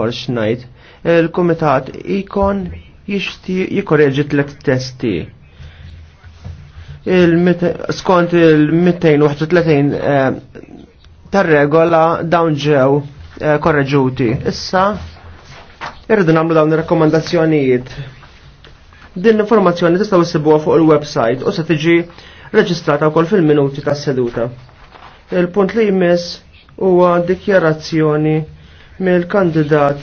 Forx najt, il-komitat ikon jikorreġi tlet testi. skont il-231 eh, tar-regola dawn ġew eh, korreġuti. Issa, irridu namlu dawn il-rekomandazzjonijiet. Din l-informazzjoni tista' issibuha fuq il-website u se tiġi reġistrata wkoll fil-minuti tas-seduta. Il-punt li jmiss huwa dikjarazzjoni mill-kandidat